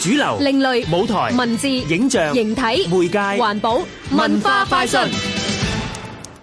主流、另類、舞台、文字、影像、形體、媒介、環保、文化快訊。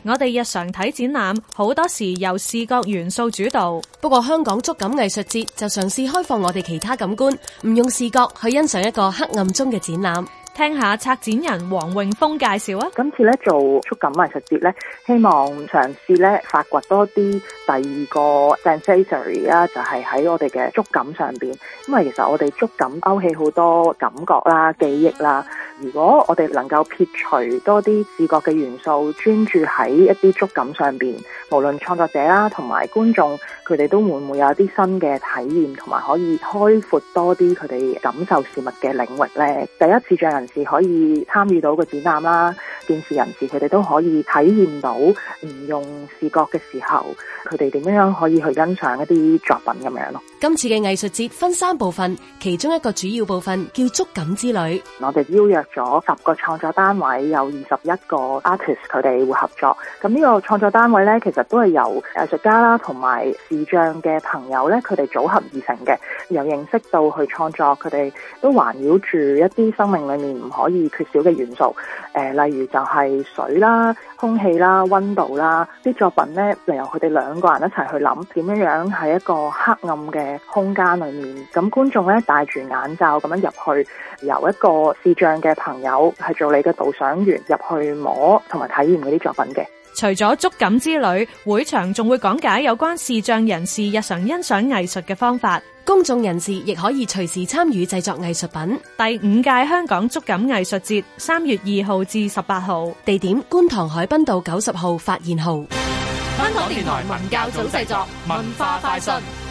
我哋日常睇展覽，好多時由視覺元素主導。不過香港觸感藝術節就嘗試開放我哋其他感官，唔用視覺去欣賞一個黑暗中嘅展覽。聽下策展人黃永峰介紹啊！今次咧做觸感藝術節咧，希望嘗試咧發掘多啲第二個 sensory 啦，就係喺我哋嘅觸感上邊。因為其實我哋觸感勾起好多感覺啦、記憶啦。如果我哋能夠撇除多啲視覺嘅元素，專注喺一啲觸感上邊，無論創作者啦同埋觀眾，佢哋都會唔會有啲新嘅體驗，同埋可以開闊多啲佢哋感受事物嘅領域咧。第一次嘅人。是可以參與到個展覽啦。電視人士佢哋都可以體驗到唔用視覺嘅時候，佢哋點樣可以去欣賞一啲作品咁樣咯。今次嘅藝術節分三部分，其中一個主要部分叫觸感之旅。我哋邀約咗十個創作單位，有二十一個 artist 佢哋會合作。咁呢個創作單位呢，其實都係由藝術家啦同埋視障嘅朋友呢，佢哋組合而成嘅，由認識到去創作，佢哋都環繞住一啲生命裏面唔可以缺少嘅元素，誒、呃，例如。又係水啦、空氣啦、溫度啦，啲作品呢，嚟由佢哋兩個人一齊去諗點樣喺一個黑暗嘅空間裏面，咁觀眾呢，戴住眼罩咁樣入去，由一個視障嘅朋友係做你嘅導賞員入去摸同埋體驗嗰啲作品嘅。除咗觸感之旅，會場仲會講解有關視障人士日常欣賞藝術嘅方法，公眾人士亦可以隨時參與製作藝術品。第五屆香港觸感藝術節三月二號至十八號，地點觀塘海濱道九十號發現號。香港電台文教組製作，文化快訊。